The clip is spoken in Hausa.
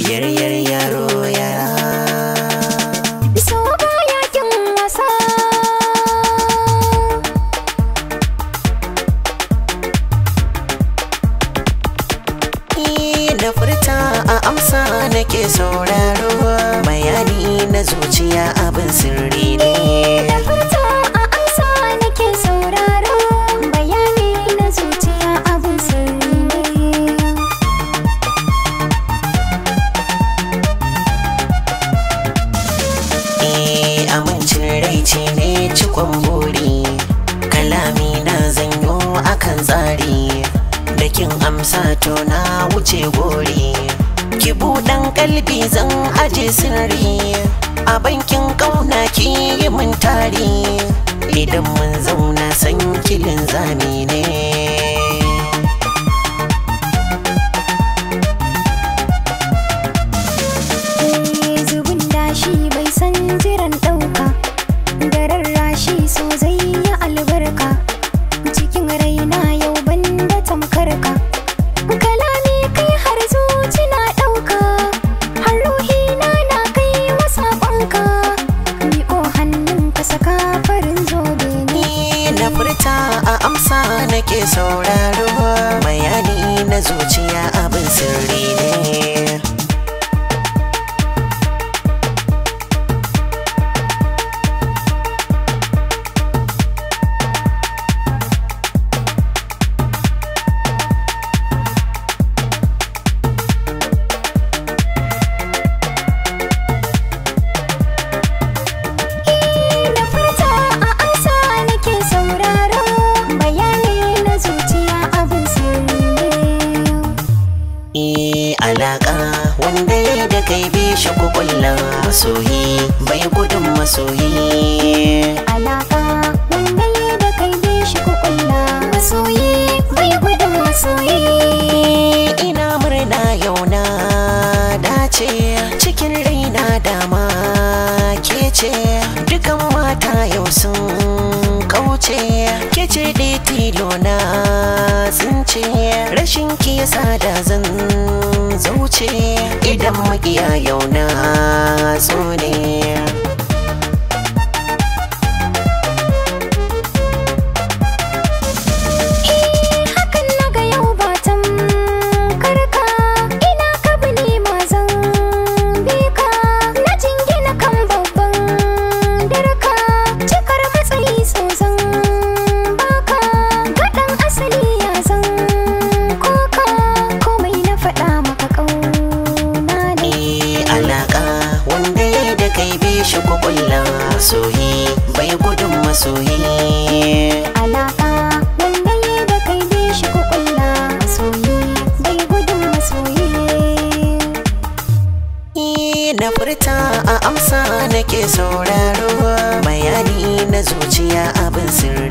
yar yar yaro yara so baya kin wasa da furta a amsa nake saurara ce ne cikon buri kalami na zanyo akan tsari da kin amsa to na wuce gori ki buɗan kalbi zan aje sirri a bankin kauna ki yi mun tari idan mun zauna san kilin zami nake sauraro bayani na zuciya abin sirri E alaƙa wanda ya da kai bi shi kukulla masoyi bai gudun masoyi. Alaƙa wanda ya da kai bi shi kukulla masoyi bai gudun masoyi. Ina murna yau na dace cikin raina dama ke ce dukan mata yau sun kauce. na tsince rashin ki ya da zan zauce idan makiya yau na tsone masoyi bai gudun masoyi alaka dangane da kai ne shi kukulla masoyi bai gudun masoyi na furta a amsa nake sauraro bayani na zuciya abin sirri